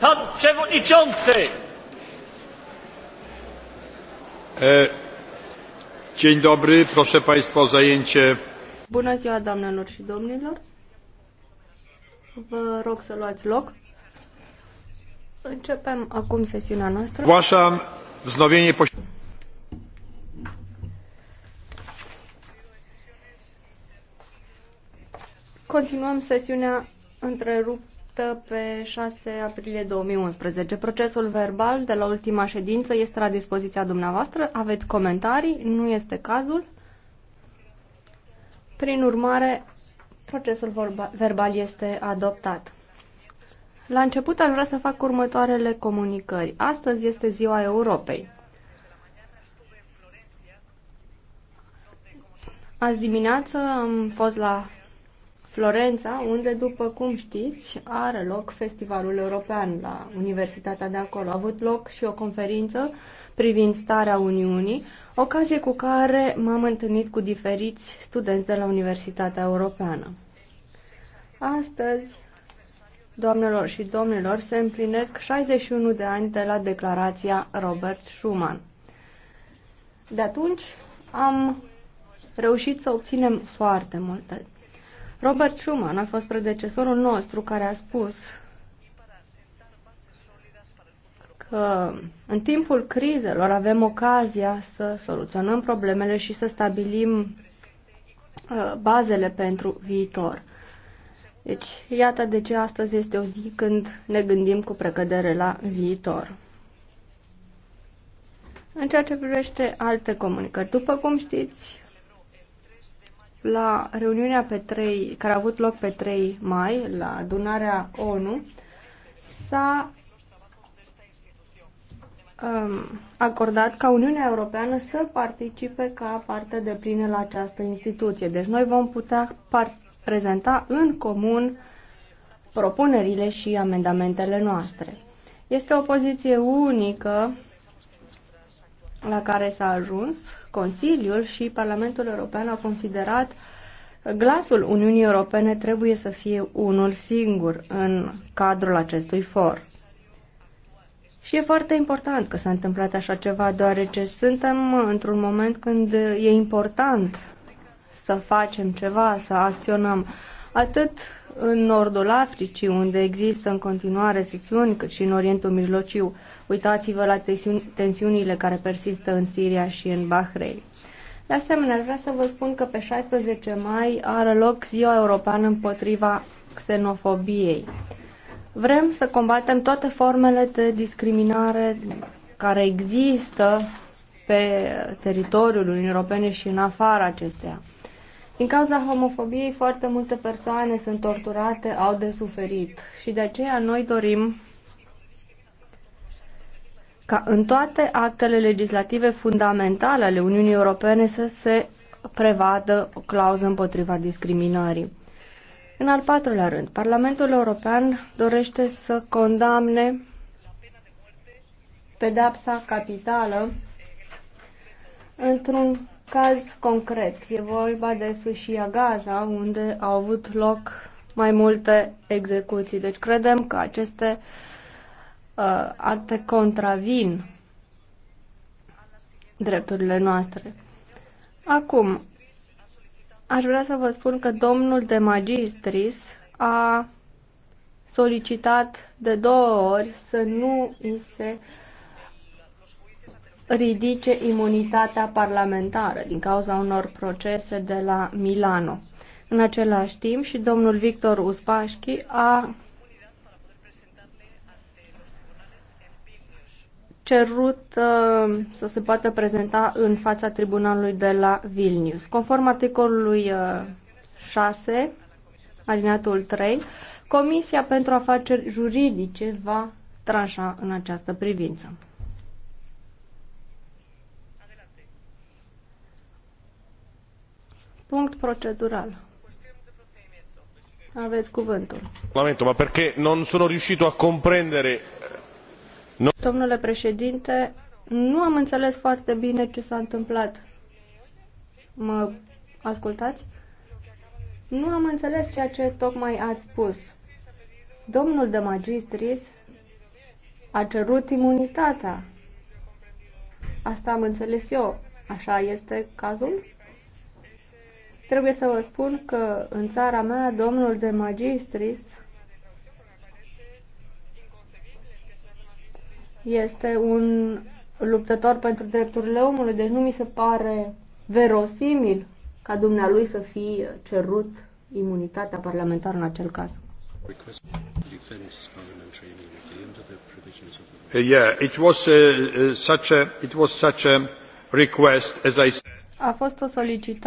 Pan przewodniczący! E, dzień dobry, proszę Państwa o zajęcie. Bună ziua, doamnelor și domnilor. Vă rog să luați loc. Începem acum sesiunea noastră. Ogłaszam wznowienie posiedzenia. Continuăm sesiunea întreruptă pe 6 aprilie 2011. Procesul verbal de la ultima ședință este la dispoziția dumneavoastră. Aveți comentarii? Nu este cazul. Prin urmare, procesul verbal este adoptat. La început aș vrea să fac următoarele comunicări. Astăzi este ziua Europei. Azi dimineață am fost la Florența, unde, după cum știți, are loc Festivalul European la Universitatea de acolo. A avut loc și o conferință privind starea Uniunii, ocazie cu care m-am întâlnit cu diferiți studenți de la Universitatea Europeană. Astăzi, doamnelor și domnilor, se împlinesc 61 de ani de la declarația Robert Schuman. De atunci am reușit să obținem foarte multe. Robert Schuman a fost predecesorul nostru care a spus că în timpul crizelor avem ocazia să soluționăm problemele și să stabilim uh, bazele pentru viitor. Deci, iată de ce astăzi este o zi când ne gândim cu precădere la viitor. În ceea ce privește alte comunicări, după cum știți, la reuniunea pe 3, care a avut loc pe 3 mai, la adunarea ONU, s-a um, acordat ca Uniunea Europeană să participe ca parte de plină la această instituție. Deci noi vom putea prezenta în comun propunerile și amendamentele noastre. Este o poziție unică la care s-a ajuns, Consiliul și Parlamentul European au considerat glasul Uniunii Europene trebuie să fie unul singur în cadrul acestui for. Și e foarte important că s-a întâmplat așa ceva, deoarece suntem într-un moment când e important să facem ceva, să acționăm atât în nordul Africii, unde există în continuare sesiuni, cât și în Orientul Mijlociu. Uitați-vă la tensiunile care persistă în Siria și în Bahrein. De asemenea, vrea să vă spun că pe 16 mai are loc Ziua Europeană împotriva xenofobiei. Vrem să combatem toate formele de discriminare care există pe teritoriul Uniunii Europene și în afara acesteia. Din cauza homofobiei, foarte multe persoane sunt torturate, au de suferit și de aceea noi dorim ca în toate actele legislative fundamentale ale Uniunii Europene să se prevadă o clauză împotriva discriminării. În al patrulea rând, Parlamentul European dorește să condamne pedapsa capitală într-un caz concret. E vorba de fâșia Gaza, unde au avut loc mai multe execuții. Deci credem că aceste uh, acte contravin drepturile noastre. Acum, aș vrea să vă spun că domnul de magistris a solicitat de două ori să nu îi se uh, ridice imunitatea parlamentară din cauza unor procese de la Milano. În același timp și domnul Victor Uspașchi a cerut uh, să se poată prezenta în fața tribunalului de la Vilnius. Conform articolului uh, 6, alineatul 3, Comisia pentru Afaceri Juridice va tranșa în această privință. Punct procedural. Aveți cuvântul. Lamento, ma perché non sono riuscito a comprendere... Eh, no... Domnule președinte, nu am înțeles foarte bine ce s-a întâmplat. Mă ascultați? Nu am înțeles ceea ce tocmai ați spus. Domnul de magistris a cerut imunitatea. Asta am înțeles eu. Așa este cazul? Trebuie să vă spun că în țara mea domnul de magistris este un luptător pentru drepturile omului, deci nu mi se pare verosimil ca dumnealui să fi cerut imunitatea parlamentară în acel caz. Uh, uh, a fost o solicitare